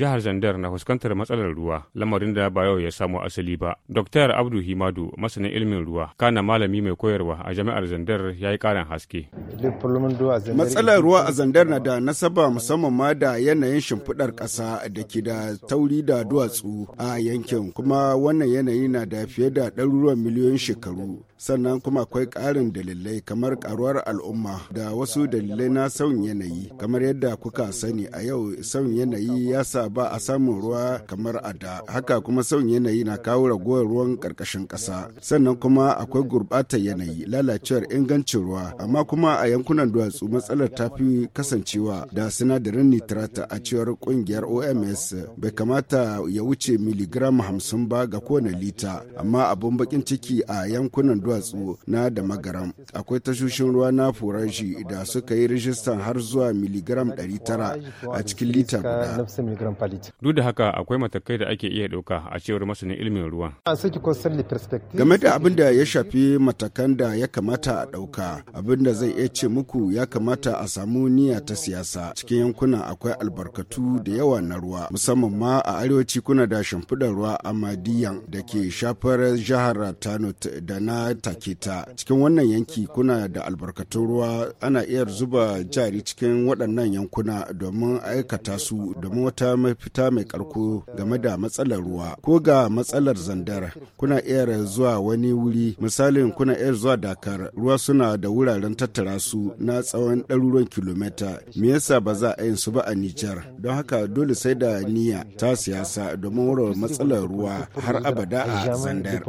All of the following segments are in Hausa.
jihar Zandar na fuskantar matsalar ruwa, lamarin da ba yau ya samo asali ba. Dr. Abdu Himadu, masanin ilimin ruwa, kana malami mai koyarwa a jami'ar Zandar ya yi karin haske. Matsalar ruwa a Zandar na da nasaba musamman ma da yanayin shimfiɗar ƙasa da ke da tauri da duwatsu a yankin, kuma wannan yanayi na da fiye da ɗaruruwan miliyoyin shekaru. sannan kuma akwai ƙarin dalilai kamar karuwar al'umma da wasu dalilai na sauyin yanayi kamar yadda kuka sani a yau sauyin yanayi ya sa ba a samun ruwa kamar a da haka kuma sauyin yanayi na kawo ragowar ruwan ƙarƙashin ƙasa sannan kuma akwai gurɓatar yanayi lalacewar ingancin ruwa amma kuma a yankunan duwatsu matsalar ta fi kasancewa da sinadarin nitrata a cewar ƙungiyar oms bai kamata ya wuce miligram hamsin ba ga kowane lita amma abun baƙin ciki a yankunan duwatsu na da magaram akwai tashoshin ruwa na furashi da suka yi rajistan har zuwa miligram 900 a cikin lita guda duk da haka akwai matakai da ake iya ɗauka a cewar masanin ilimin ruwa game da abin da ya shafi matakan da ya kamata a ɗauka abin da zai iya ce muku ya kamata a samu niyya ta siyasa cikin yankuna akwai albarkatu da yawa na ruwa musamman ma a arewaci kuna da shimfiɗar ruwa a madiyan da ke shafar jihar tano da na take ta cikin wannan yanki kuna da albarkatun ruwa ana iya zuba jari cikin waɗannan yankuna domin aikata su domin wata mafita mai karko game da matsalar ruwa ko ga matsalar zandar kuna iya zuwa wani wuri misalin kuna iya zuwa dakar ruwa suna da wuraren tattara su na tsawon ɗaruruwan kilomita me yasa ba za a yin su ba a nijar don haka dole sai da niyya ta siyasa domin warware matsalar ruwa har abada a zandar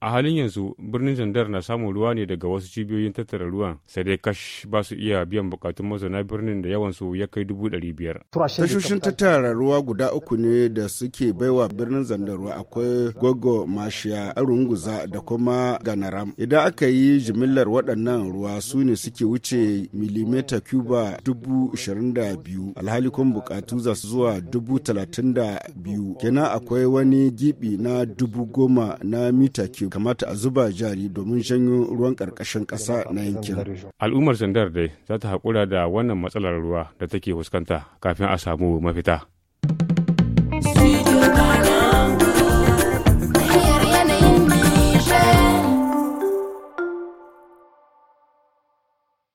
a halin yanzu birnin birnin zandar na samun ruwa ne daga wasu cibiyoyin tattara ruwan sai dai kash ba su iya biyan bukatun mazauna birnin da yawan su ya kai dubu ɗari biyar. tashoshin tattara ruwa guda uku ne da suke baiwa birnin zandar ruwa akwai gogo mashiya arunguza da kuma ganaram idan aka yi jimillar waɗannan ruwa su ne suke wuce milimita cuba dubu ishirin da biyu alhali kuma bukatu za su zuwa dubu talatin da biyu kenan akwai wani gibi na dubu goma na mita cube kamata a zuba jari kokari domin janyo ruwan ƙarƙashin ƙasa na yankin. Al'ummar Zandar dai za ta haƙura da wannan matsalar ruwa da take fuskanta kafin a samu mafita.